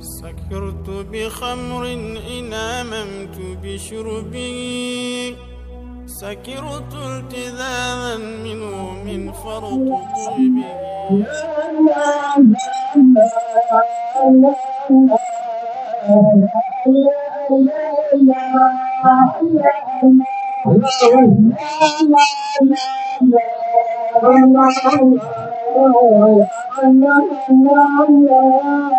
سكرت بخمر إن أممت بشربي سكرت التذاذا منه من فرط قلبي Allah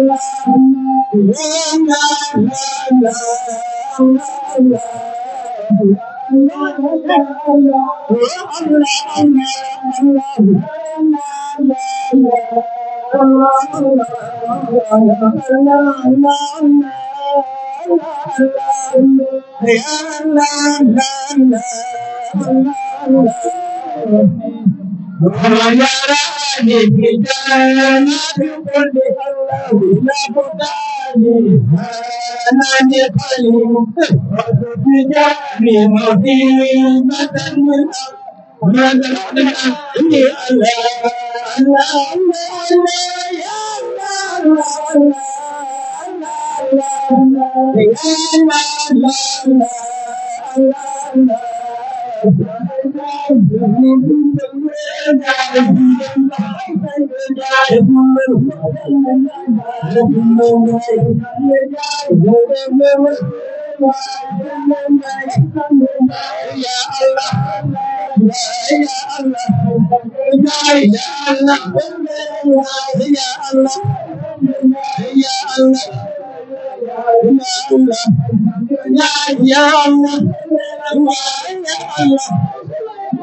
Allah, la la la la Allah Ya Allah, ya Allah, ya Allah,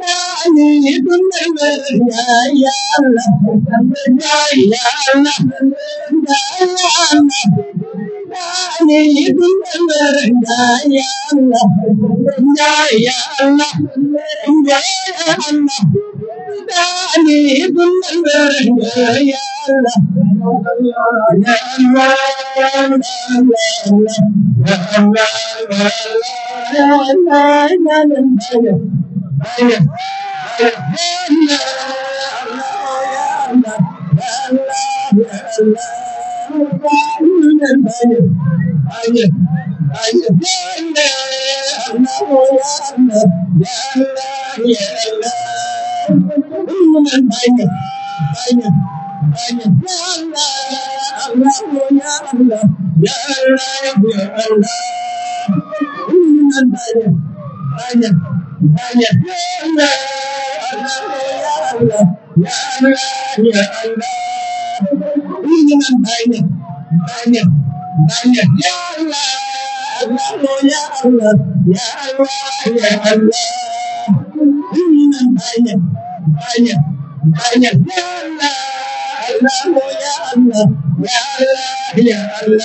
Yeah. Yeah. بل يقولنا الله يا الله يا الله إنما بين بين بين يا الله الله يا الله يا الله يا الله إنما بين بين بين يا الله الله يا الله يا الله يا الله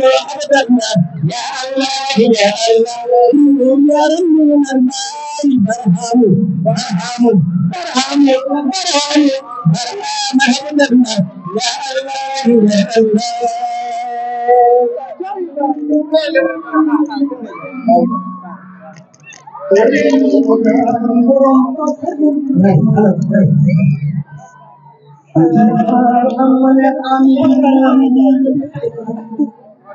Ya Allah, ya Allah, ya برهامو برهامو برهامو برهامو برهامو يا الله يا الله محمد آمين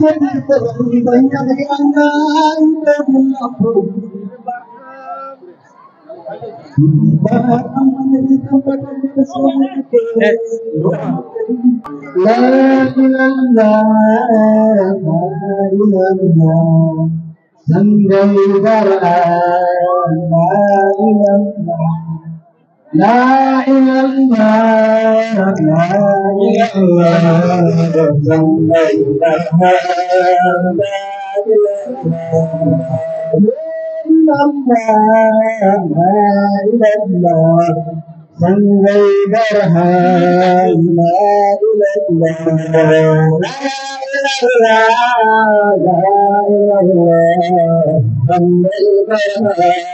لا إله إلا الله سندي برا لا إله إلا الله لا إله إلا الله لا إله إلا الله سنجي درها لا إله إلا الله لا إله إلا الله سنجي درها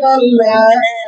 Allah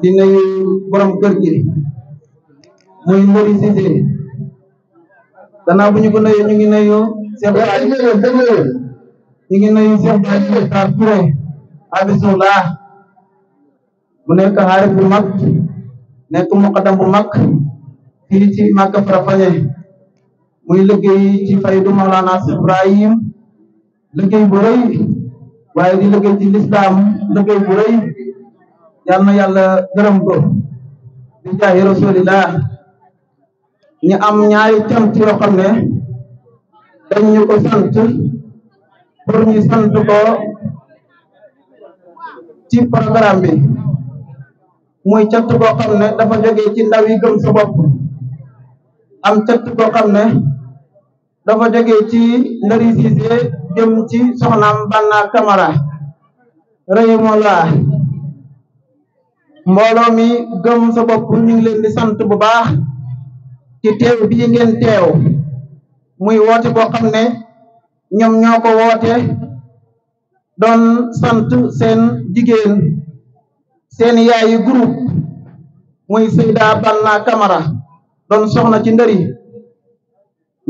di nuyu borom kër gi muy Mbori Cissé gannaaw bu ñu ko nuyoo ñu ngi nuyu Cheikh ñu ngi nuyu Cheikh Baye Tar Touré Abismullah mu nekk xarit bu mag nekk muqaddam bu mag fii ci Màkka Farafane muy liggéey ci faydu Mawlana Ibrahim liggéey bu rëy waaye di liggéey ci lislaam liggéey bu rëy yal yàlla gërëm ko di jaay rasulillah ñu am ñaari cant yoo xam ne dañ ko sant pour ñu sant ko ci programme bi muy cant boo xam ne dafa jógee ci ndaw yi gëm am cant boo xam ne dafa jógee ci Ndari Cissé jëm ci soxnaam Banna Camara rëy mbooloo mi gëm sa bopp ñu ngi leen di sant bu baax ci teew bii ngeen teew muy woote boo xam ne ñoom ñoo ko woote doon sant seen jigéen seen yaayi groupe muy Seyda Banna Camara doon soxna ci ndëri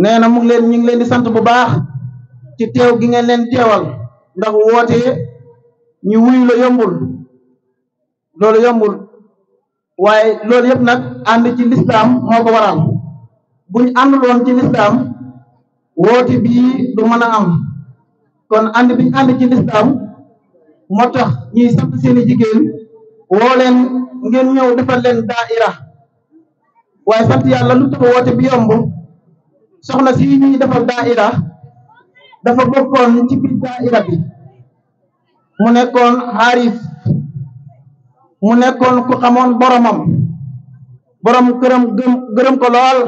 nee na mu ngi leen ñu ngi leen di sant bu baax ci teew gi ngeen leen teewal ndax woote ñu wuyu la yombul lolu yombul waye lolu yeb nak and ci l'islam moko waral buñ àndul won ci l'islam woti bi du mën am kon and biñ and ci l'islam motax ñi sant seen jigeen wo len ngeen ñew defal len daaira waye sant yalla lu tax woti bi yomb soxna si ñi defal daaira dafa bokkon ci bi daaira bi mu nekkon xaarif mu nekkoon ku xamoon boromam borom këram gëm gërëm ko lool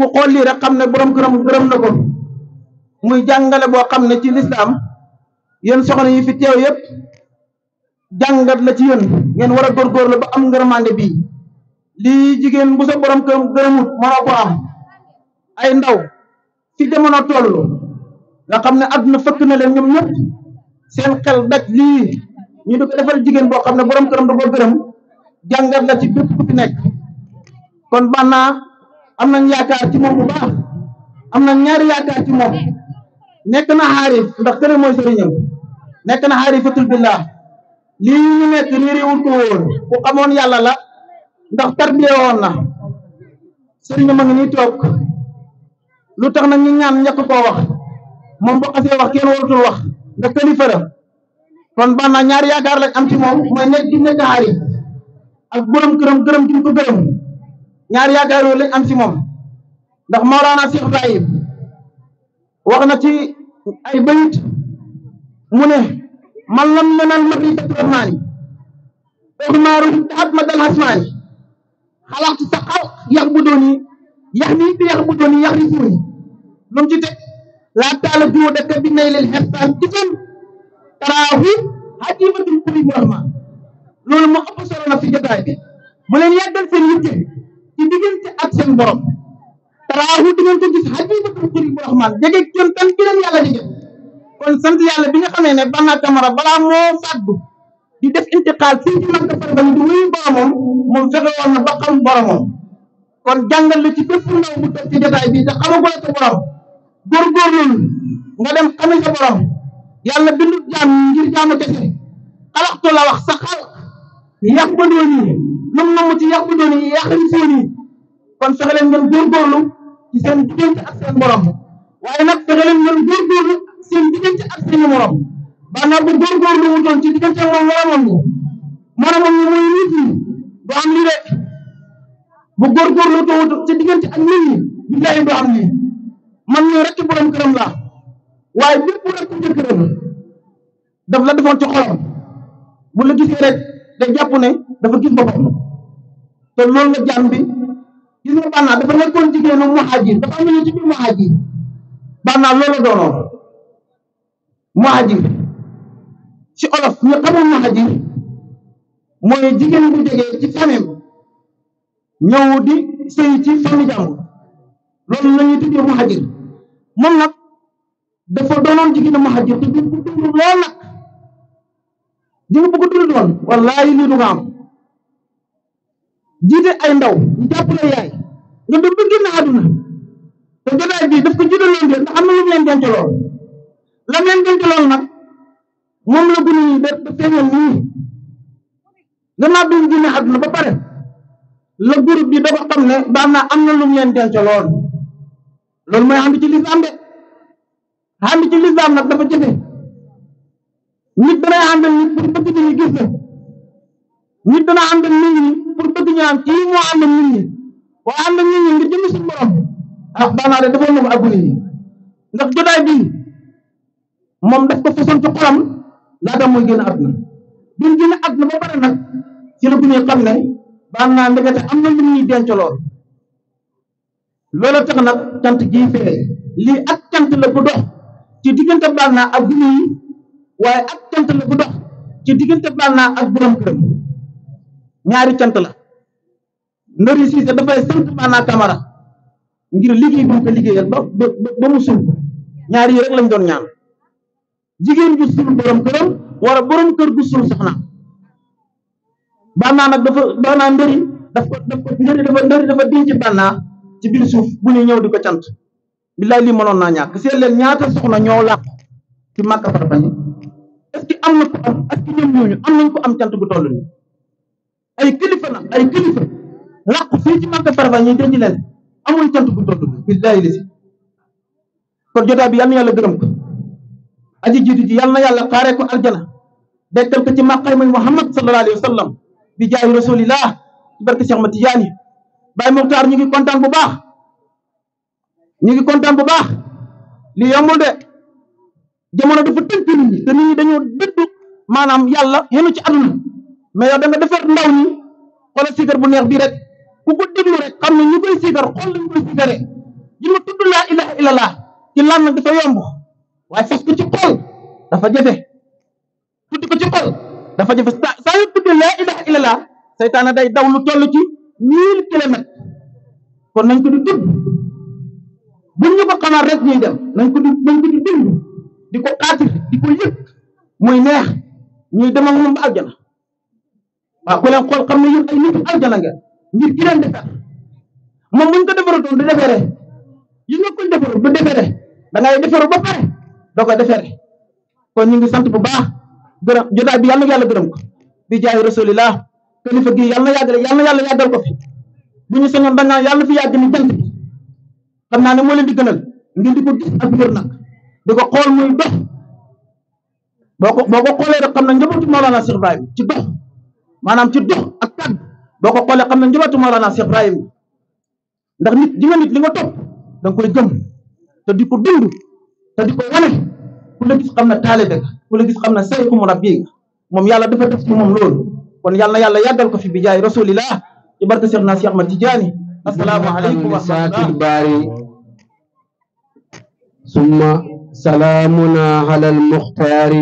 ku xool lii rek xam ne borom këram gërëm na ko muy jàngale boo xam ne ci lislaam yéen soxna yi fi teew yépp jàngat ci yéen ngeen war a góorgóorlu ba am ngërëmande bii li jigéen bu sa borom këram gërëmut mënoo ko am ay ndaw fi jamono toll nga xam ne àdduna fëkk na leen ñoom ñëpp seen xel daj lii ñu di ko defal jigéen boo xam ne borom këram da koo gërëm jàngat la ci bépp ku fi nekk kon banna am nañ yaakaar ci moom bu baax am na ñaari yaakaar ci moom nekk na xaarif ndax këram mooy nekk na xaarifatul billah lii ñu nekk nii réewul ko wóor ku xamoon yàlla la ndax tarbiye woon na sëriñam a ngi nii toog lu tax nag ñu ñaan ñàkk koo wax moom bu xasee wax kenn warutul wax ndax kalifa la kon banna ñaar yaakaar lañ am ci moom mooy nekk di nekk xaari ak borom gërëm gërëm di ko gërëm ñaari yaakaar yooyu am ci moom ndax Maolana Cheikh Ibrahim wax na ci ay bayit mu ne man lam menal mabi kat rahmaani boobu maaru taxat ma dal xasmaani xalaxtu sa xaw yax bu dooni yax nii bi yax bu dooni yax ni suuri lu ci teg laa taala juwo dakka bi nay leen xetaan taaxu xajibatul kulli rahma loolu moo ëpp solo nag ci jotaay bi mu leen yàggal seen yitte ci diggante ak seen borom taraahu di ngeen ko gis xajibatul kulli rahman jege kon tan bi leen yàlla jege kon sant yàlla bi nga xamee ne Banna Camara balaa moo fàddu di def intiqaal fii ci Makka Farba di wuyu boromam moom fexe woon na ba xam boromam kon jàngal la ci bépp ndaw bu toog ci jotaay bi te xamagula sa borom góorgóorlu nga dem xame sa borom yalla bindu jam ngir jamu jaamu kese to la wax saxal yak yàq ba doon yi lum namu ci yak ba doon yi yàq ni seen ni kon fexe leen ngeen góorgóorlu ci seen diggante ak seen borom waaye nag fexe leen ngeen góorgóorlu seen diggante ak sen morom ba na bu góorgóorlu mu doon ci diggante ak morom ni morom ni moy nit ni do am li de bu góorgóorlu tawut ci diggante ak nit ñi billahi do am ni man ñu rek borom kërëm la waaye lépp rek jëkkëram daf la defoon ci xolam bu la rek da jàpp dafa gis boppam te loolu la jàmm bi gis nga bannaa dafa nekkoon jigéenu muhajir dafa mel ci biir muhajir bannaa loolu la doonoon muhajir ci olof ñu jigéen bu jógee ci famille ñëw di sëy ci famille jàmbur loolu la ñuy tuddee muhajir moom nag dafa doonoon jigéen ma xajir te dund dund lool nak di nga bëgg dund lool wallahi ni du gam jité ay ndaw ñu japp jàppale yaay ñu do bëgg na aduna te jotaay bii daf ko jiite loon de ndax am na lu mu leen denc lool la leen denc lool nak moom la gunu ni da da ni nii na bi dina aduna ba paré la groupe bi dafa xamne da na am na lu mu leen denc lool lool mooy ànd ci lislam de ànd ci lislaam nag dafa jëfe nit dana ànd nit pour bëgg ñu gis la nit dana ànd nit ñi pour bëgg ñu am kii moo ànd nit ñi waa ànd nit ñi ngir jëmi suñu borom ah daanaa de dafa nëb agul yi ndax jotaay bii moom daf ko fasoon ci xolam laata muy génn àdduna bi mu génn àdduna ba pare nag ci la bu ñuy am na lool tax ak cant la bu dox ci digënté balna ak dund waye ak cant la bu dox ci digënté balna ak borom kërëm ñaari cant la ndori da fay sant balna kamara ngir liggéey bu ko liggéeyal ba ba mu sul ñaari yi rek lañ doon ñaan jigéen bu sul borom kërëm wara borom kër gu sul soxna balna nak dafa doona naa ndori daf ko daf ko ndori dafa ndori dafa diñ ci balna ci bir suuf bu ñuy ñëw diko ko billaay lii mënoon naa ñàkk seet leen ñaata soxna ñoo làq ci màkka far bañ am na ko am est ñoom ñooñu am nañ ko am cant gu toll nii ay kilifa na ay kilifa làq fii ci màkka far bañ yi denc leen amul cant gu toll nii billaay kon jotaay bi yal na yàlla gërëm ko aji jiitu ji yal na yàlla xaaree ko aljana dekkal ko ci màqay may Muhammad sallallahu alayhi wa sallam bi jaayu rasulillah ci barke Cheikh ma Baye Mokhtar ñu ngi kontaan bu baax ñu ngi kontaan bu baax li yombul de jamono dafa tënk nit te nit ñi dañoo dëddu maanaam yàlla yenu ci aduna mais yow da nga defar ndaw ñi xoolal siikar bu neex bii rek ku ko déglu rek xam ne ñu koy siikar xool laa ilaha lan nag dafa yomb waaye fas ko ci xol dafa jafe tudd ko ci dafa jafe saa yu tudd laa ilaha illallah seytaane day daw lu toll ci mille kilomètres kon nañ ko di tudd bu ñu ko xamal rek ñuy dem nañ ko di nañ ko di dund di ko xaatir di ko yëg muy neex ñuy dem ak moom ba aljana waaw ku leen xool xam ne yéen ay nit aljana nga ngir ki leen defar moom buñ ko defaratoon du defere yi nga koy defaru du defere da ngay defaru ba pare da ko defere kon ñu ngi sant bu baax gërëm jotaay bi yàlla yàlla gërëm ko di jaay rasulillah kalifa gi yàlla yàggal yàlla yàlla yàggal ko fi bu ñu sañoon dañ naan yàlla fi yàgg ni jant xam naa ne moo leen di gënal ngeen di ko gis ak wér nag di ko xool muy dox boo ko boo ko xoolee rek xam na njabootu Mawlana Cheikh Ibrahim ci dox maanaam ci dox ak kàddu boo ko xoolee xam na njabootu Mawlana Cheikh Ibrahim ndax nit di nga nit li nga topp da nga koy gëm te di ko dund te di ko wane ku la gis xam na taalibe nga ku la gis xam na saytu mu rabbi nga moom yàlla dafa def ci moom loolu kon yàlla yàlla yàggal ko fi bi jaay rasulillah ci barke Cheikh naa Cheikh Ahmad Tidiane السلام عليكم ورحمة الله ثم سلامنا على المختار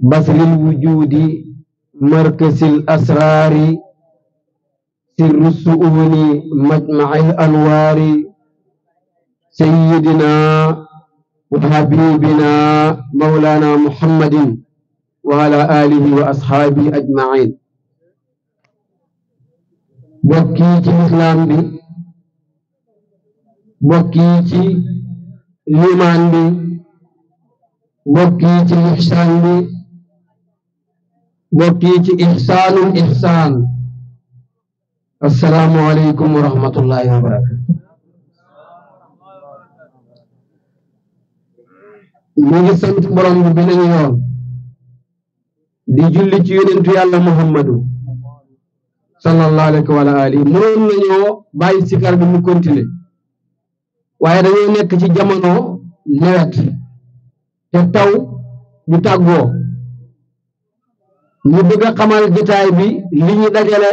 بذل الوجود مركز الأسرار سر السؤون مجمع الأنوار سيدنا وحبيبنا مولانا محمد وعلى آله وأصحابه أجمعين bokki ci islam bi bokki ci limaan bi bokki ci ihsan bi bokki ci ixsaanul ihsan assalamu aleykum wa rahmatullahi wa barakatuh ñu ngi sant borom bi beneen yoon di julli ci yonentu yalla muhammadu sallallahu alayhi wa alihi mënoon nañoo bàyyi sikar bi mu continuer waaye dañoo nekk ci jamono nawet te taw du tàggoo ñu bëgg a xamal jotaay bi li ñu dajale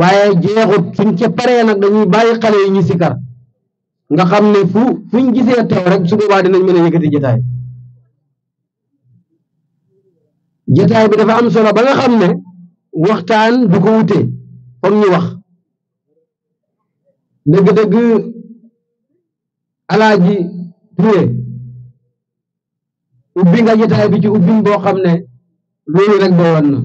waaye jeexut suñ ca nag dañuy bàyyi xale yi ñu sikar nga xam ne fu fuñ gisee taw rek su boobaa dinañ mën a yëkkati jotaay jotaay bi dafa am solo ba nga xam ne waxtaan du ko wute foog ñu wax dëgg-dëgg alaaji Touré ubbi nga jotaay bi ci ubbin boo xam ne loolu rek doyoon na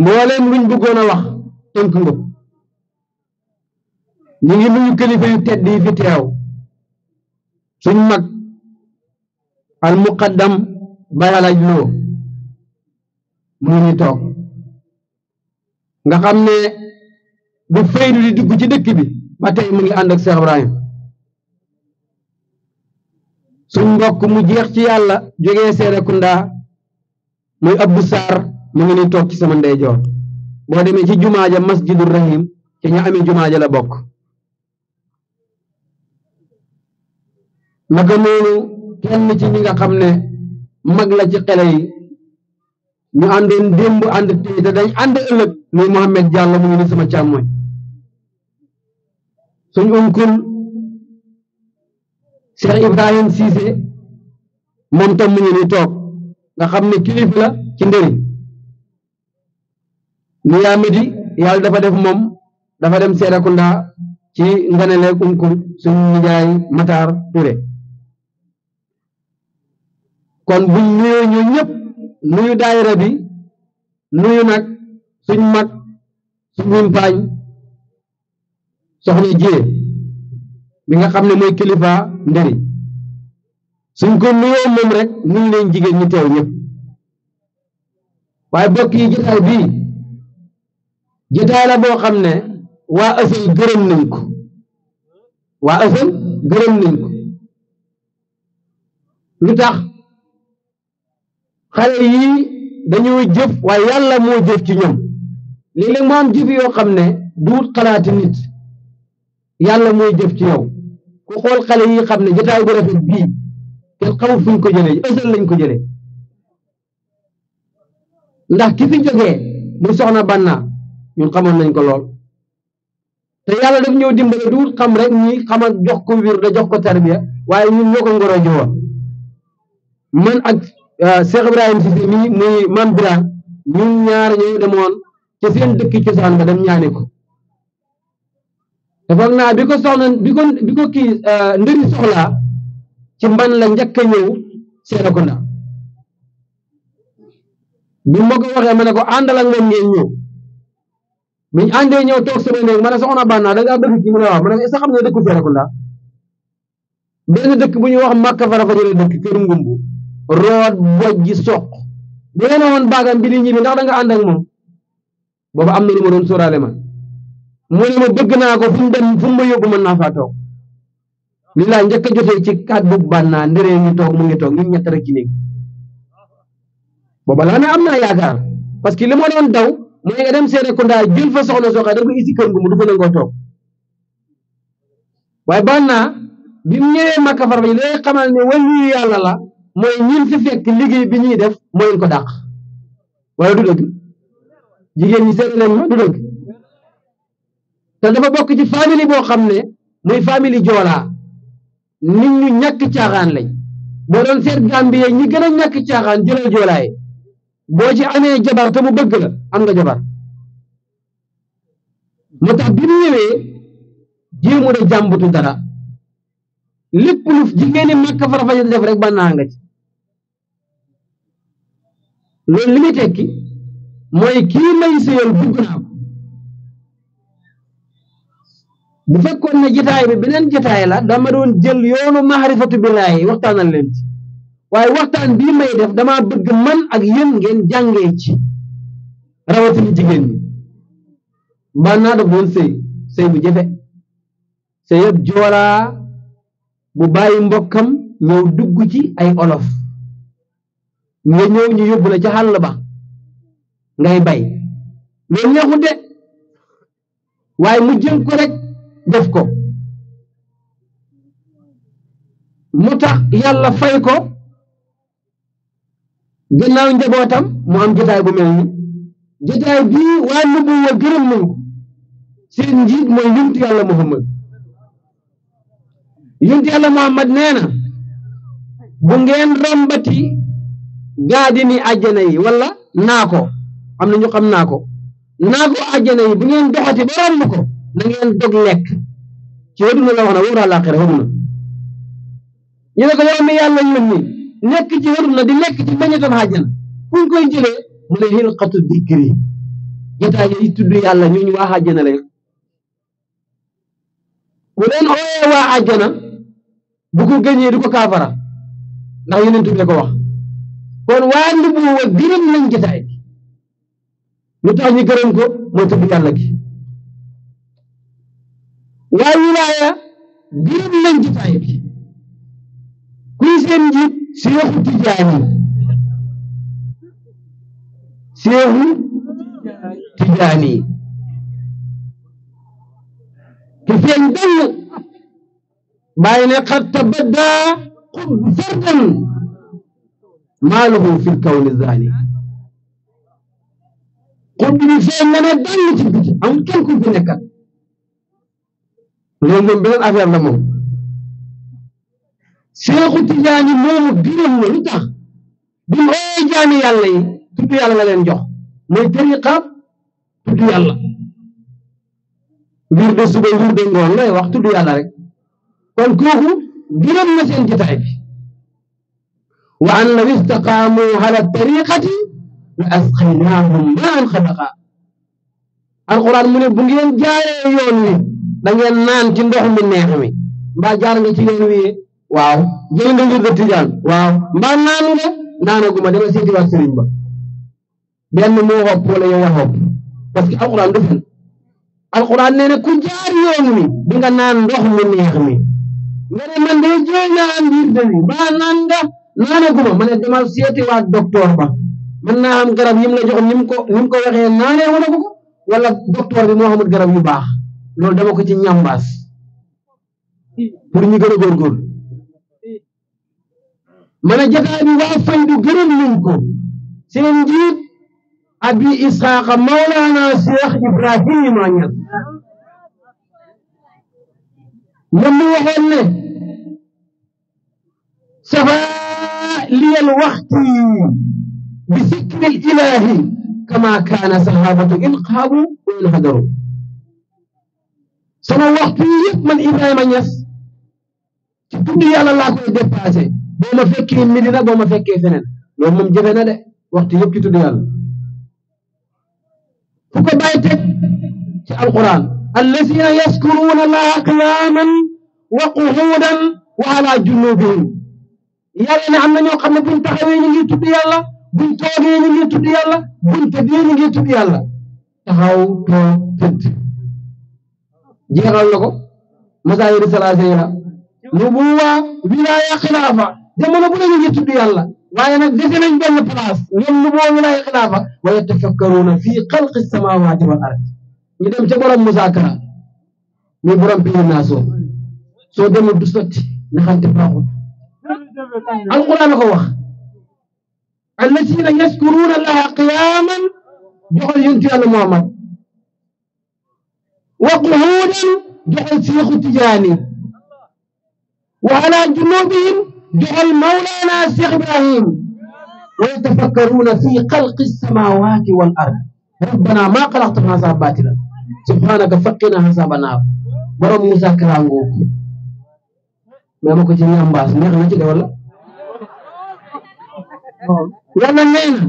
mbooleem luñ bëggoon a wax tënk nga ñu ngi nuyu kilifa yu tedd yi fi teew suñ mag al muqaddam bayalaj loo moo ñu toog nga xam ne bu faydu di dugg ci dëkk bi ba tey mu ngi ànd ak Cheikh Ibrahim suñ mbokk mu jeex ci yàlla jógee kunda muy Abdou sar mu ngi ni toog ci sama ndeyjoor boo demee ci jumaaja masjidul rahim ci ña amee jumaaja la bokk naka noonu kenn ci ñi nga xam ne mag la ci xele yi ñu àndoon démb ànd tey te dañ ànd ëllëg muy Mouhamed Diallo mu ngi ni sama càmmooñ suñ onkul Cheikh Ibrahim Cissé moom tam mu ngi ni toog nga xam ne kilifa ci ndëri nu yaamidi yàlla dafa def moom dafa dem Serekunda ci nganale unkul suñ nijaay Matar Touré kon buñ ñëwee ñoo ñëpp nuyu daayira bi nuyu nag suñ mag suñu faañ soxna jiyee mi nga xam ne mooy kilifa ndëri suñ ko nuyoo moom rek nuyu leen jigéen ñi teew ñëpp waaye bokk yi bii jotaay la boo xam ne waa ësël gërëm nañ ko waa ësël gërëm nañ lu tax xale yi dañuy jëf waaye yàlla moo jëf ci ñoom léeg-léeg mu jëf yoo xam ne duut xalaati nit yàlla mooy jëf ci yow ku xool xale yi xam ne jotaay bu rafet bii kenn xamul fuñ ko jëlee ësal lañ ko jëlee ndax ki fi jógee mu soxna banna ñun xamoon nañ ko lool te yàlla daf ñëw dimbale duut xam rek ñi xama jox ko wir da jox ko tarbiya waaye ñun ñoo ko ngoro jowoon ak Euh, Cheikh Ibrahima Cissé mi muy Mame Bira ñaar ñoo demoon ca dëkk cosaan ba dem ñaane ko naa bi ko euh, soxla bi kii ndëri soxlaa ci mban la njakk a ñëw Serekunda bi ma ko waxee ma ne ko àndal ak moom ñëw biñ àndee ñëw toog sama néeg ma soxna Banna da ngaa dëkk kii mu ne waaw ma ne ko sax xam dëkk bu ñuy wax Màkka fa dëkk Kër Ngumbu Rod bojji sok bi nga non bagam bi li ñibi ndax da nga and ak mom bobu am na lu ma doon sóoraale man mu ne ma bëgg naa ko fu dem fu ma yobu man na fa tok li laa njëkk a ci kaat bu bànnaa ndëree ngi mu ngi tok ñu ñett rek ci néeg booba laa am na yaakaar parce que li ma daw mooy nga dem séré ko nda jël fa soxna soxé da ko isi kër gu mu du fa nga tok way banna bi ñewé ñëwee makka far ba lay xamal ni wàllu yalla la mooy ñun fi fekk liggéey bi ñuy def mooy ko dàq wala du dëgg jigéen ñi seet leen ma du dëgg te dafa bokk ci famille boo xam ne muy famille joolaa nit ñu ñàkk caaxaan lañ boo doon seet Gambie ñi gën a ñàkk caaxaan jëlal joolaay boo ci amee jabar te mu bëgg la am nga jabar moo tax bi mu ñëwee jéemu da jàmbatu dara lépp lu jigéen ñi màkk farafañe def rek ba naa loolu li muy tekki mooy kii may sëyal bugg naa ko bu fekkoon ne jataay bi beneen jataay la dama doon jël yoonu maarifatu billaahi waxtaanal leen ci waaye waxtaan bii may def dama bëgg man ak yéen ngeen jàngee ci rawatina jigéen ñi mbaa naa daf doon sëy sëy bu jafe sëy ab joolaa bu bàyyi mbokkam ñëw dugg ci ay olof nga ñëw ñu yóbbu la ca àll ba ngay bay loolu ñeexu de waaye mu jël ko rek def ko mu tax yàlla fay ko gannaaw njabootam mu am jotaay bu mel ni jotaay bii wàllu bu wa gërëm nañ ko seen njiit mooy yumtu yàlla muhammad yumtu yàlla muhammad nee na bu ngeen rambati gaadini àjjana yi wala naa am na ñu xam naa ko naa ko àjjana yi bu ngeen doxati ba romb ko na ngeen dog lekk ci àddina la wax na wóor àllaaxira waru na ñu ne ko yow mi yàlla yónni nekk ci àddina di lekk ci bañatam àjjana fu ñu koy jëlee mu ne xilqatu dikri jotaay yi tudd yàlla ñooñu waa àjjana la bu leen ooyee waa àjjana bu ko gëñee du ko kaafara ndax yeneen tuddee ko wax kon waa nubuwa gërëm nañ jotaay bi lu tax ñu gërëm ko mooy tudd yàlla gi waa wilaaya gërëm nañ jotaay bi kuy seen njiit seexu tijaani seexu tijaani te feeñ dell bàyyi ne xat tabaddaa xub fardan maa lahu fil kawni zaani xut bi feeñ na ne dell ci biti amul kenn ku fi nekkat loolu moom beneen affaire la moom Seexu Tijaani moomu gërëm na lu tax bi mooy jaami yàlla yi tudd leen jox mooy tariqa tudd yàlla wir de suba wir de ngoon lay wax tudd yàlla rek kon kooku gërëm na seen وأن لو استقاموا على الطريقة لأسقيناهم ماء غدقا alxuraan mu ne bu ngeen jaaree yoon wi da ngeen naan ci ndox mi neex mi mbaa jaar nga ci yoon wi waaw jël nga ngir dëtt jaan waaw mbaa naanu nga naanaguma dama seeti wax sëriñ ba benn moo xob wala yow wax xob parce que alxuraan du fen alxuraan nee na ku jaar yoon wi di nga naan ndox mi neex nga ne man de jooy biir dëri mbaa naan nga naanaguma guma mané demal sété wa docteur ba man na am garab yim la joxoon nim ko nim ko waxé nané wala ko wala docteur bi moo garab yu bax lolou dama ko ci ñambas pour ñu gëna gor gor mané ne jotaay bi waa faydu gërëm nañ ko seen jitt abi ishaq maulana cheikh ibrahim anyal ñu waxé waxoon ne safaa لي الوقت بذكر الإله كما كان صحابة إن قاموا وإن هدروا sama waxtu yi yëpp man Ibrahima Niass ci tudd yàlla laa koy dépassé boo ma fekkee Medina boo ma fekkee feneen loolu moom jëfe na de waxtu yëpp ci tudd yàlla fu ko bàyyi teg ci alquran allazina yaskuruuna allaha qiyaaman wa qu'uudan wa ala junubihim yàlla ne am na ñoo xam ne buñ taxawee ñu ngi tudd yàlla buñ toogee ñu ngi tudd yàlla buñ tëddee ñu ngi tudd yàlla taxaw toog tëdd jeexal na ko masaayiri salaase yi la nubuwa wilaaya xilaafa jamono bu ne ñu ngi tudd yàlla waaye nag defe nañ benn place ñoom nubuwa wilaaya xilaafa wa yatafakkaruuna fii xalqi samaawaati wal ard ñu dem ca borom musaakara mi borom bi naasoo soo demul du sotti naxante baaxul القران الذين يذكرون الله قياما بحل ينتهي المؤمن وقعودا بحل سيخ تجاني وعلى جنوبهم بحل مولانا سيخ ابراهيم ويتفكرون في خلق السماوات والارض ربنا ما خلقت هذا باطلا سبحانك فقنا هذا بنا برموزا كرانغوكي mais mako ci ñam baas neex na ci de wala yalla neena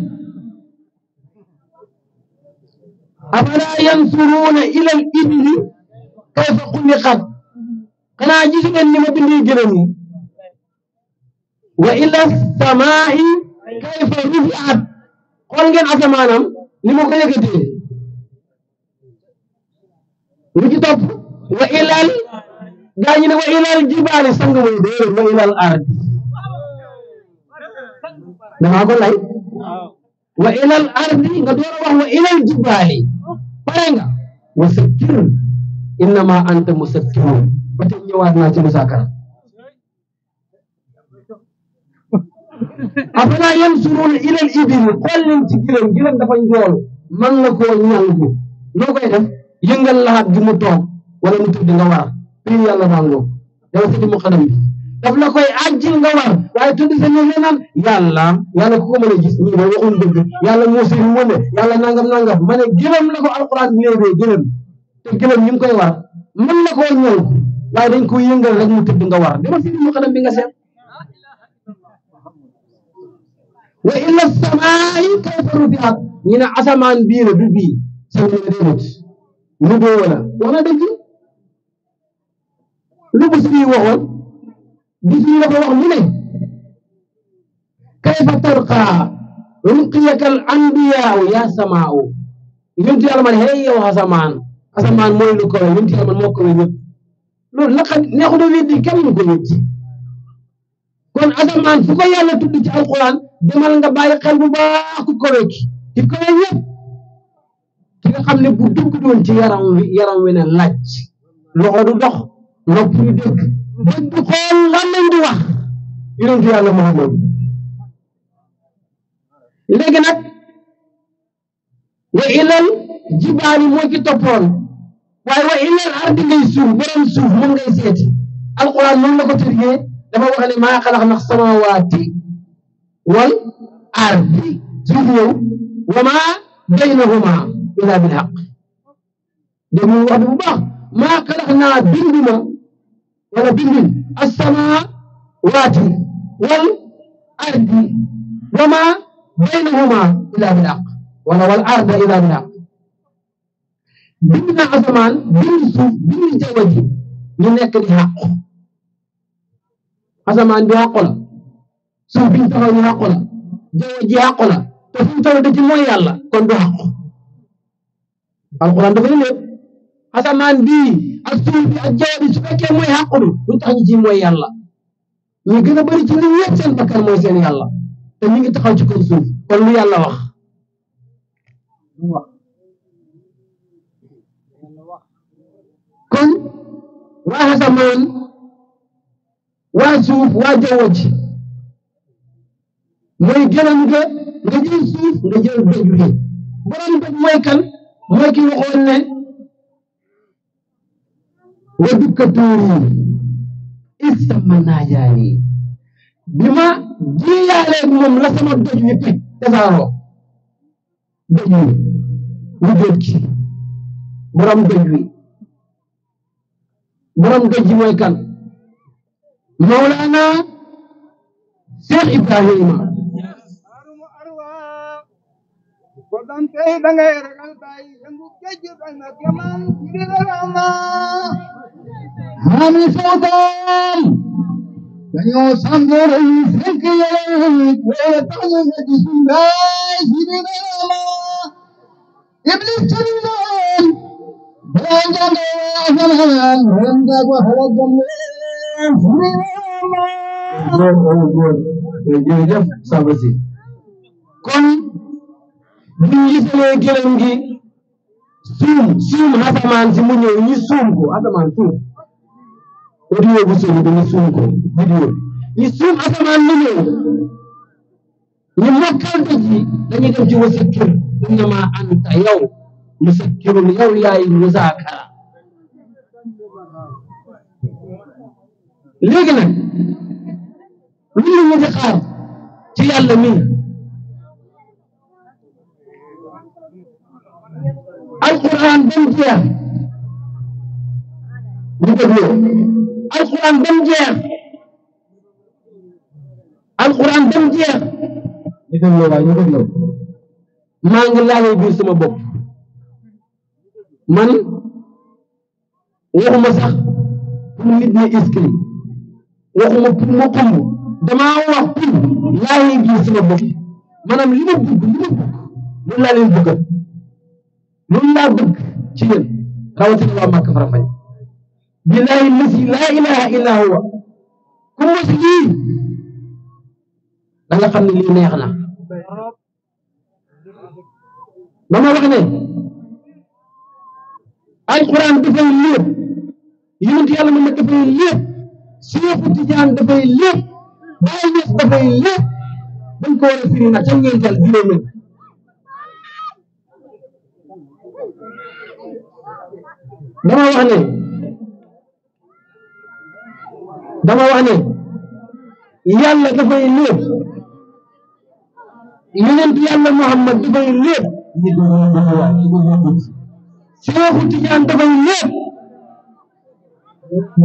afala yansuruna ila al-ibli kayfa khuliqat kana gisu ngeen ni ma bindi gëna ni wa ila as-samaa'i kayfa rufi'at xol ngeen kan asamanam ni ma ko yëkëté ni ci top wa ila al gaañu ne wa ilal jibaali sang mooy déedéet wa ilal ardi damaa ko lay wa ilal ardi nga door a wax wa ilal jibaali pare nga wa sakkir innama anta musakkirun ba tey ñëwaat naa ci musaakara afala yansuruna ilal ibil xool leen ci gëlëm gëlëm dafa njool man la koo ñàngu noo koy def yëngal laxaat gi mu toog wala mu tudd nga war lii yàlla baal nga ko yow si mu xanam bi daf la koy ajjil nga war waaye tudd sa ñoom ñu naan yàlla yàlla ku ko mën a gis ñu ne waxul dëgg yàlla moo si yàlla nangam nangam ma ne la ko alxuraan ñëwee gëlëm te gëlëm ñu koy war mën na koo ñëw waaye dañ koy yëngal rek mu tëdd nga war dama si mu bi nga seet wa ila samaayi kayfa rufiat ñu ne asamaan bii la du bii sa ñu ne doo wala lu bu si waxoon bis yi dafa wax mu ne kayfa tarqa ruqiyaka al anbiyaaw yaa samaaw yonti yàlla man hey yow asamaan asamaan mooy lu kowe yonti yàlla moo kowe ñëpp loolu laqad neexu da kenn mu ko weddi kon asamaan fu ko yàlla tudd ci alquran demal nga bàyyi xel bu baax ki ki kowe ki nga xam ne bu dugg doon yaram wi yaram wi ne laaj loxo du dox nopp yu dégg dégg xool lan lañ di wax yonentu yàlla Muhammad léegi nag wa ilal jibaali moo ci toppoon wa ilal ardi ngay suuf borom suuf moom ngay seeti alquran noonu la ko tërgee dafa wax ne maa xalax nax samawaati wal ardi suuf ñëw wa maa baynahuma illa bil haq déglu wax bu maa xalax naa binduma ولا بنين السماء واتر والأرض وما بينهما إلى بلاق ولا والأرض إلى بلاق بنين أزمان بنين سوف بنين جوجي ينك الحق أزمان بها قولا سوف بنين تغل بها قولا جوجي حقولا تفهم مويا الله كون بها قولا القرآن دفعين لك asamaan bii ak bi ak jaww bi su mooy xàqulu lu tax ci mooy yàlla ñu gën a bëri ci li wéet seen bakkan mooy seen yàlla te ñu ngi taxaw ci kaw suuf kon lu yàlla wax kon waa asamaan waa suuf waa jaww mooy gëlëm nga nga jël suuf nga jël dëj bi borom mooy kan mooy ki waxoon ne wadukaturi isamma naajaani bi ma jiyaaleeg moom la sama doj wi teg tasaaroo doj wi lu doj ci borom doj Mawlaana Cheikh Ibrahima ko doon tey dangay ragal bàyyi yëngu géej doy na kemaan di rama xami sawdaan dañoo sangoor yi fekk yaram wala taxu nga ci suñ baay si di rama iblis tëddoon balaa njàngee afanaan ren nga ko xalaat gamlee si di rama góor góor jërëjëf Saba Si kon biñ gisalee gëlëm gi suum suum asamaan si mu ñëw ñu suum ko asamaan suum audio bu suum suum ko mu ñëw ñu mokkante ji dañuy dem ci wasakkir innama anta yow musakkirun yow yaay musaakara léegi nag lu ñu di xaar ci yàlla mii alquran ba mu jeex ñu déglu alquran ba mu jeex alquran jeex ñu déglu waay ñu maa ngi laaloo biir sama bopp man waxuma sax pour nit ñi inscrit waxuma mu xamul damaa wax pour laalee biir sama bopp maanaam li ma bëgg li ma bëgg loolu laa loolu laa bëgg rawatina waa Màkka Farafay billaahi lasi laa ilaha illa huwa ku mos lii da nga xam ne lii neex na dama wax ne alquran dafay lépp yonent yàlla mën na dafay lépp Seexu Tijaan dafay lépp Baay Ñas dafay lépp dañ ko war a firi nag ca ngeen jël dama wax ne dama wax ne yàlla dafay léeb yonent yàlla Muhammad dafay léeb Seexu Tijaan dafay léeb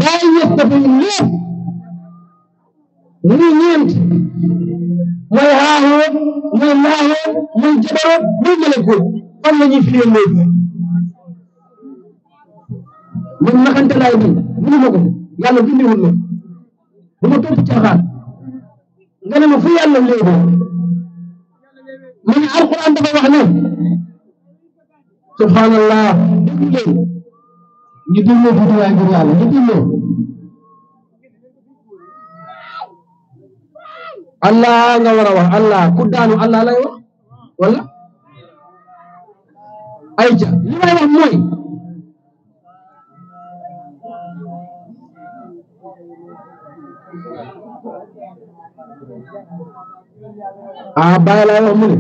Baay Ñas dafay léeb muy ñeent mooy xaaxoo mooy laaxoo mooy jabaroo mooy melakoot kon la ñuy firee man naxante laay bañ mënu ma ko yàlla dindiwul ma bu ma topp caaxaan nga ne ma fu yàlla léegi ma ne alquran dafa wax ne subhanallah déglu leen ñu déglu ko diwaan ngir yàlla ñu déglu allah nga war a wax allah ku daanu allah lay wax wala ayca li may wax mooy ah bàyyi laa wax mu ne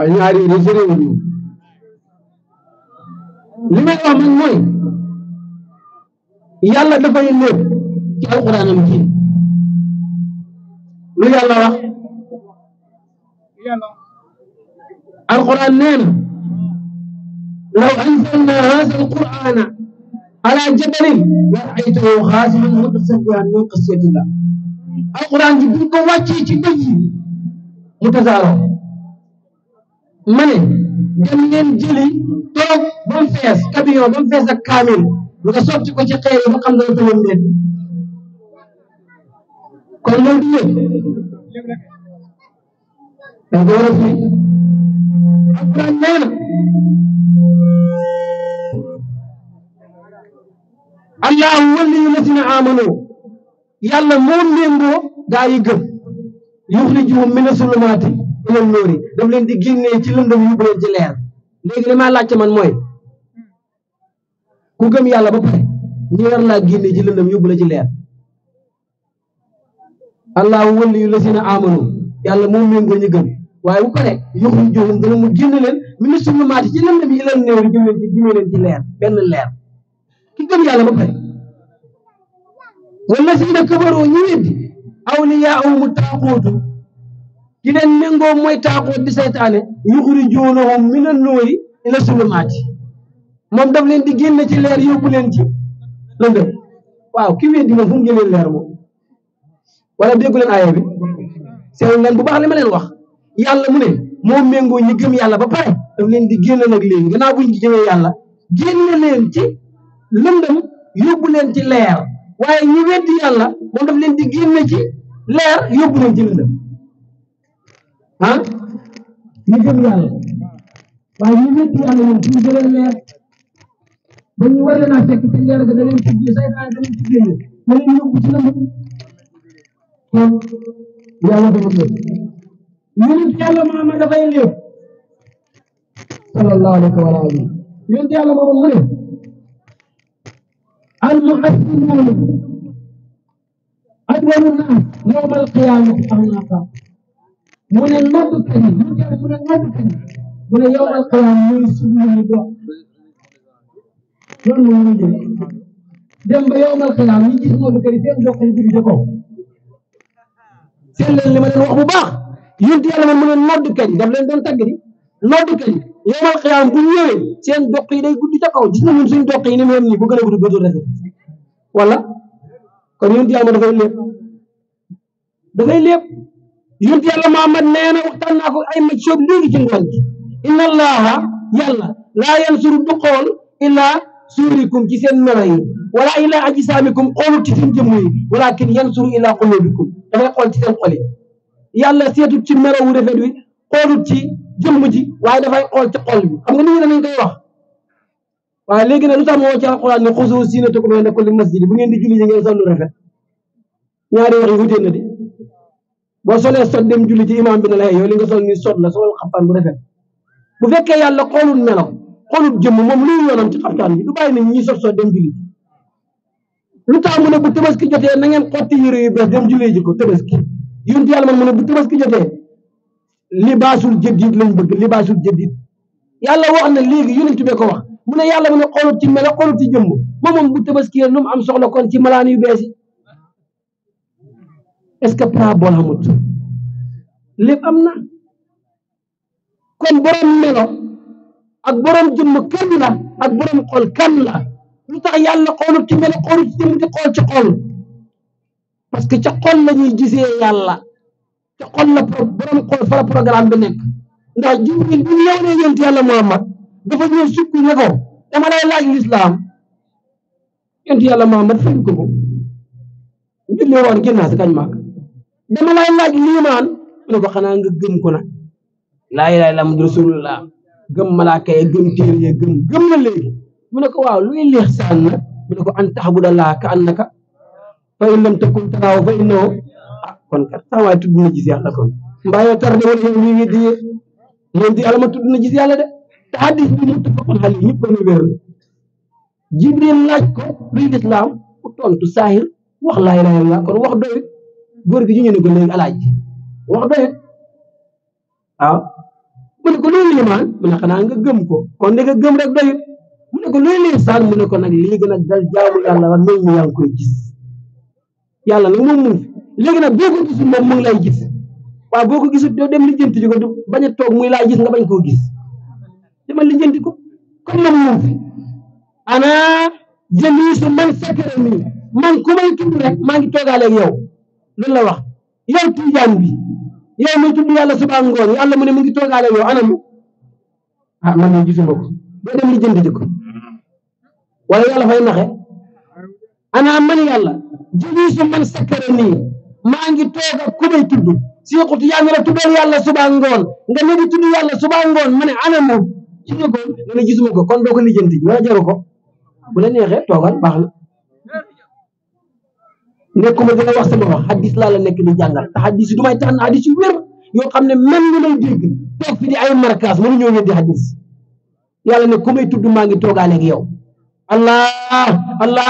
ah ñaari yi sori wu ñu li may wax nag mooy yàlla dafay lépp ci alxuraanam ci lu yàlla wax alxuraan nee na law anzalna haza alqur'ana ala jabalin la ra'aytahu xaasi'an mutasaddi'an min xasyatillah alxuraan ji buñ ko wàccee ci dëj yi mu tasaaroo ma ne dem toog ba fees camion ba mu fees ak kaamil nga sotti ko ci xeer ba xam dana tëwoon déet kon loolu du yéen dañ ko war a yàlla moo méngoo gaa yi gëm yuxrijuhum mina zulumaati ila nuuri daf leen di génnee ci lëndëm yóbbu leen ci leer léegi damaa laajte man mooy ku gëm yàlla ba pare ñu war laa génnee ci lëndëm yóbbu la ci leer allahu waliyu lazina amanu yàlla moo méngoo ñu gëm waaye bu pare yuxrijuhum dana mu génn leen mina zulumaati ci lëndëm yi ila nuuri jëmee leen ci leer benn leer ki gëm yàlla ba pare wallazina kabaru ñu weddi awliyaahum taaxootu ki leen méngoo mooy taaxoot di saytaane yuxrijuunahum mina nuuri ila sulumaati moom daf leen di génn ci leer yóbbu leen ci waaw ki weddi moom fu mu jëlee leer moom wala déggu leen aaya bi seetlu bu baax ma leen wax yàlla mu ne moo méngoo ñi gëm yàlla ba pare daf leen di génn nag léegi gannaaw bu ñu jëmee yàlla génn leen ci lëndëm yóbbu leen ci leer waaye ñu weddi yàlla moom daf leen di ci leer yóbbu leen ci lëndëm ah ñu gëm yàlla waaye ñu weddi yàlla moom suñu jëlee leer ba ñu war leen a fekk ci leer ga da leen ci génne saytaan da ci génne da leen yóbbu ci lëndëm kon yàlla dafa lépp yonent yàlla maama dafay lépp sallallahu alayhi wa sallam yonent mu ne المؤمنون أدول الناس يوم القيامة أعناقا من المدكن من المدكن من يوم القيامة من سبيل الله loolu la ñu jël dem ba yowmal xiyaam ñu gis moo kër yi seen dox yi dugg ca kaw seen leen li ma leen wax bu baax yonent yàlla man mu ne nodd kañ daf leen doon tàgg di nodd kañ yowmal xiyaam bu ñëwee seen doq yi day gudd ca kaw gis na ñun suñu yi ni mu yem nii bu gën a gudd bëtu rafet wala kon yonent yàlla dafay lépp dafay lépp yonent yàlla Muhammad nee na waxtaan naa ko ay maj soob léegi ci ngoon inna allaha yàlla laa yansuru du xool illaa suurikum ci seen melo yi wala illaa ajisaamikum xoolut ci seen jëmm yi walakin yansuru illaa qulubikum dafay xool ci seen xol yi yàlla seetut ci melo wu rafet wi jëmm ji waaye dafay xool ci xol bi xam nga nit ñi danañ koy wax waaye léegi nag lu tax moo ci alxuraan ne xosoo siinatakum inda kulli masjid bu ngeen di julli ji ngeen sol lu rafet ñaari wax yi wutee na de boo solee sot dem julli ci imaam bi ne la eh, yow li nga sol ni sot na sol xaftaan bu rafet bu fekkee yàlla xoolul melaw xoolul jëmm moom luy yoonam ci xaftaan bi du bàyyi nañ ñi sot sot dem julli lu tax mu ne bu ki jotee na ngeen xotti yére yu bees dem julli ji ko tabaski yonent yàlla man mu ne bu tabaski jotee libaasul jadid lañ bëgg libaasul jadid yàlla wax na léegi yonent bi ko wax mu ne yàlla mu ne xolut ci melo xolut ci jëmm moom moom bu tabaskiyee lu mu am soxla kon ci malaan yu bees yi est-ce que amut lépp am na kon borom melo ak borom jëmm kan la ak borom xol kan la lu tax yàlla xolut ci melo xolut ci jëmm di xool ci xol parce que ca xol la ñuy gisee te xol la borom xol fa la programme bi nekk ndax jibril bu ñëw yàlla muhammad dafa ñëw sukk ne ko dama lay laaj lislaam yonent yàlla muhammad fañ ko ko julli woon ginnaaw si kañ màgg dama lay laaj liimaan mu ne ko xanaa nga gëm malaaka yi gëm téere yi gëm gëm na léegi mu ko waaw luy leex saan nag mu ko an taxbuda laa ka annaka fa in lam takun taraahu fa innahu kon kat taway tuddu na gis yalla kon mbaye yow tar dewal ni ni di yow di alama tuddu na gis yalla de te hadis bi muttafaqun alayhi ñëpp ni wér jibril laj ko luy lislaam ko tontu sahir wax la ilaha illallah kon wax doyut gor gi ñu ñu ko leen alaaj wax doyut waaw mu ko lu ni man mu ne nga gem ko kon nga gem rek doyut mu ko lu ni sal mu ne ko nag léegi nag dal jaamu yalla wa mel ni yaa koy gis yalla nag mo mu léegi nag boo ko gisul moom mu lay gis waaw boo ko gisul doo dem lijjanti ji ko bañ a toog muy lay gis nga bañ koo gis dama lijjanti ko comme moom moom fi ana jamiisu man sakara man ku may tudd rek maa ngi toogaale ak yow loolu la wax yow tiijaan bi yow muy tudd yàlla suba ngoon yàlla mu ne mu ngi toogaale ak yow a ah man moom gisuma ko doo dem lijjanti ji ko wala yàlla fay naxe ana man yàlla jamiisu man sakara maa ngi toog ak ku may tudd siixut yaa ngi la tuddal yàlla suba ngoon nga ne di tudd yàlla suba ngoon ma ne ana moom gis nga ko ne gisuma ko kon doo ko lijjanti wala jaru ko bu la neexee toogal baax na nekkuma dina wax sama wax hadis laa la nekk di jàngal te hadis yi du may tànn hadis yoo xam ne même ñu lay dégg toog fi di ay markaas mënu ñoo weddi hadis yàlla ne ku may maa ngi toogaaleeg yow allah allah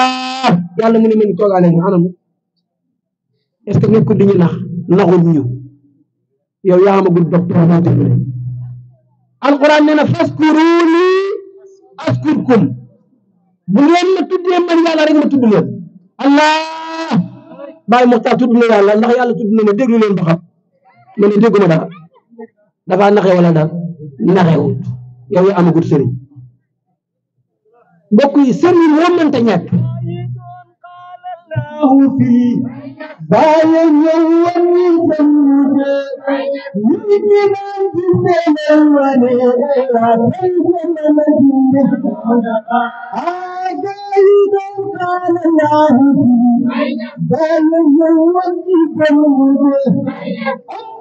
yàlla mu ne ma ngi toogaaleeg anam est que nekkul di ñu nax naxul ñu yow yaa amagul docteur moo tax ne alquran nee na faskuruni askurkum bu leen ma tuddee man yàlla rek ma tudd leen allah bàyyi moxtaar tudd na yàlla ndax yàlla tudd na ma déglu leen ba xam ma ne dégguma dara dafa naxe wala daal naxewut yow yaa amagul sëriñ mbokk yi sëriñ moo mënta ñàkk वेझी आगाई दो कान नाली समूर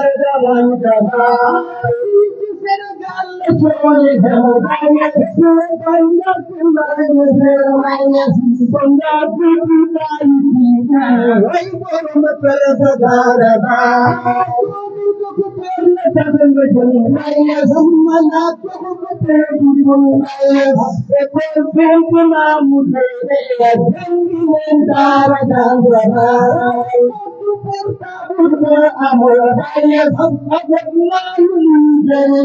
Jai Javan Jai I'm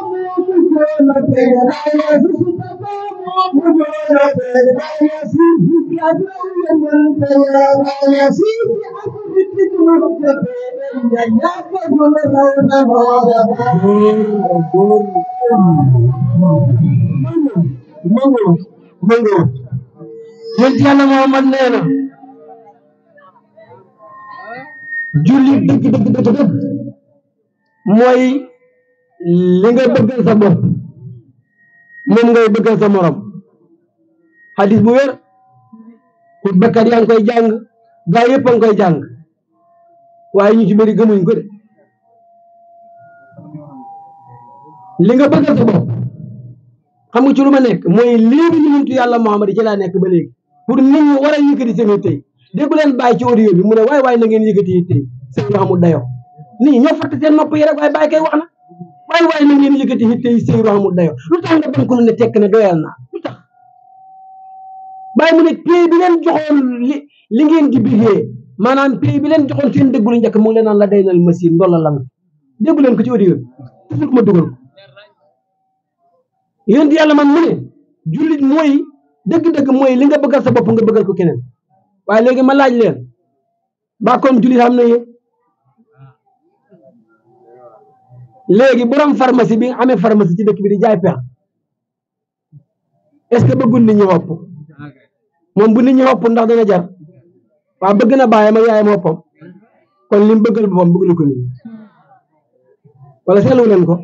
Mohammad ने julli dëgg dëgg dëgg mooy li nga bëggal sa bopp moom ngay bëggal sa morom xadis bu wér xutbakat yaa ngi koy jàng gaa yëpp a ngi koy jàng waaye ñu ci bëri gëmuñ ko de li nga bëggal sa bopp xam nga ci lu ma nekk mooy lii bi ñuntu yàlla Muhammad ci laa nekk ba léegi pour nit ñi war a yëkkati seen tey déggu leen bàyyi ci audio bi mu ne waay waay na ngeen yëkkati tey seen nit ñi ñoo fàtte seen nopp yi rek waaye bàyyi kay wax na waaye waaye na ngeen yëkkati xitte yi seen yoo xamul dayoo lu tax nga bañ ko ne ne doyal naa lu tax bàyyi mu ne pay bi len joxoon li li ngeen di bigee maanaam pay bi leen joxoon seen déggu lu njëkk mu ngi leen naan la day nal machine ndolla la nga déggu leen ko ci audio bi toujours ma dugal ko yéen yàlla man mu ne dëgg-dëgg mooy li nga bëggal sa bopp nga bëggal ko keneen waaye léegi ma laaj leen ba kon jullit xam na yéen legi borom pharmacie bi amé pharmacie ci dëkk bi di jaay pex est ce que bëggul nit ñi wopp moom bu nit ñi wopp ndax dana jar wa bëgg na bàyyam ak yaayam woppam kon lim bëggal mom bëgg na ko ni wala seetlu leen ko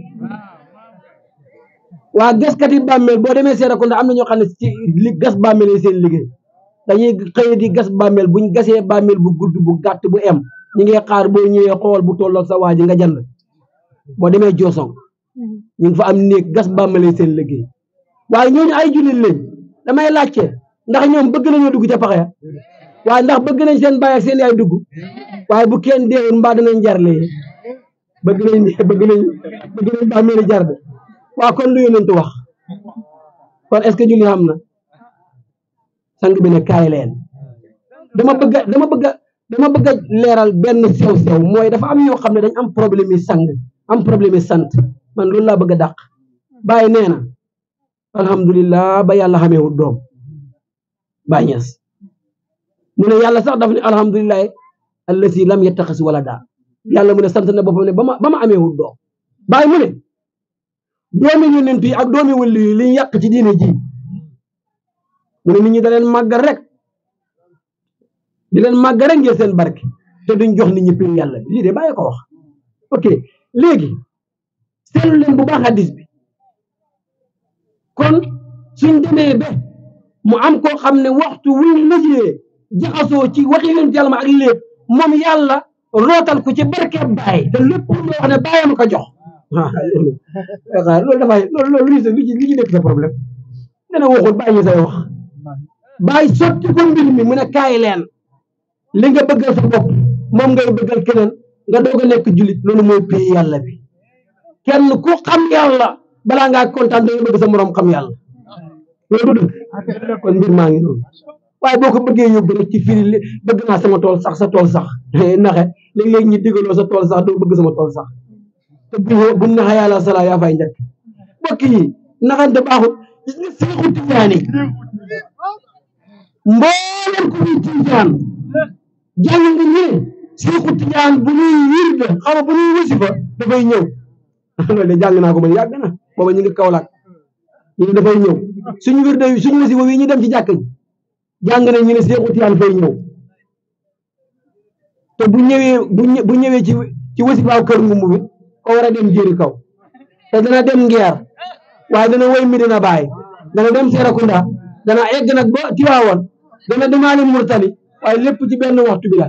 waa gaskat yi bàmmeel boo demee Serekunda am na ñoo xam ne ci li gas bàmmeel yi seen liggéey dañuy xëy di gas bàmmeel buñ gasé bàmmeel bu gudd bu gatt bu em ñi ngi xaar bo ñëwé xol bu tollok sa waji nga jënd boo demee Diosone mm-hmm. ñu ngi fa am néeg gas bàmmalee seen liggéey waaye ñooñu ay jullit lañ damay laajte ndax ñoom bëgg nañoo dugg ca pax ya waaye ndax bëgg nañ seen baay ak seen yaay dugg waaye bu kenn dee mbaa danañ jarle bëgg nañ bëgg nañ bëgg nañ bàmmeeli jar de waaw kon lu yonent wax kon est-ce que julli am na sang bi kaay leen dama bëgg dama bëgg dama bëgg leeral benn sew sew mooy dafa am ñoo xam ne dañ am problème yi sang am problème sant man lula laa bëgg dakk baye neena alhamdullilah ba yalla xamé wu doom bàyyi mu ne yalla sax daf ni alhamdullilah allati lam yattaxis wala daa yàlla mu ne sant na bopam ne bama bama amé wu doom baye mu ne doomi ñu yi ak doomi wëlli li liñ ci diine ji mu ne nit ñi da leen rek di len màggal rek ngeen seen barke te duñ jox nit ñi pin yalla li de baye ko wax ok léegi seetlu leen bu baax hadis bi kon suñ demee mu am koo xam ne waxtu wuñ lëjee jaxasoo ci waxi yonent yàlla ma ak lépp moom yàlla rootal ko ci barkeeb baay te lépp lu wax ne baayam ko jox waaw ah, loolu dafay loolu loolu li ci li ci nekk sa problème dana waxul bàyyi say wax bàyyi sotti ko mi mu ne kaay leen li nga bëggal sa bopp moom ngay bëggal keneen nga doga nek julit lolu moy bi yalla bi kenn ku xam yalla bala nga contant da bëgg sa morom xam yalla lolu du ko ndir ma ngi non waye boko bëgge yobbu nak ci firi bëgg na sama tol sax sa tol sax naxé leg leg ñi digalo sa tol sax do bëgg sama tol sax te bu bu na yalla sala ya fay ñak bokk yi naxante baxut ni seexu tiyani mbolam ko ci jaan jangu nga ñëw Seexu Tijaan bu ñuy wirde xaw bu ñuy wasifa dafay ñëw loolu naa ko man yàgg na booba ñu ngi kaw Kaolack ñu dafay ñëw suñu wirde suñu wasifa wi ñu dem ci jàkk ji ñi nañ ñu Tijaan fay ñëw te bu ñëwee bu ñëwee ci ci wasifaaw kër ngumbu bi ko war a dem jéeri kaw te dana dem ngeer waaye dana woy mi dina bàyyi dana dem Serekunda dana egg nag ba Tiwaawan dana demaale Murtani waaye lépp ci benn waxtu bi la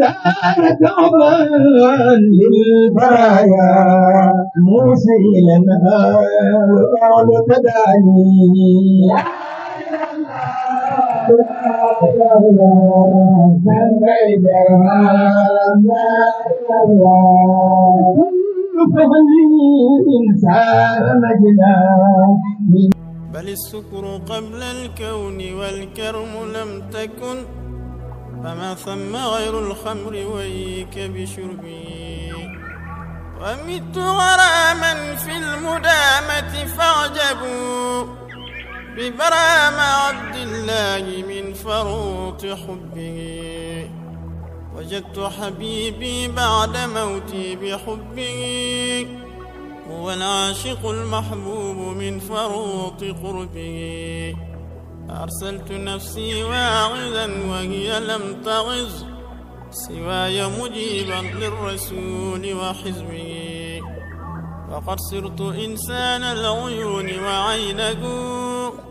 دار دوبا للبرايا موسيلا القول تداني بل الشكر قبل الكون والكرم لم تكن فما ثم غير الخمر ويك بشربي ومت غراما في المدامة فاعجبوا ببرام عبد الله من فروط حبه وجدت حبيبي بعد موتي بحبه هو العاشق المحبوب من فروط قربه أرسلت نفسي واعظا وهي لم تغز سواي مجيبا للرسول وحزبه فقد صرت إنسان العيون وعينه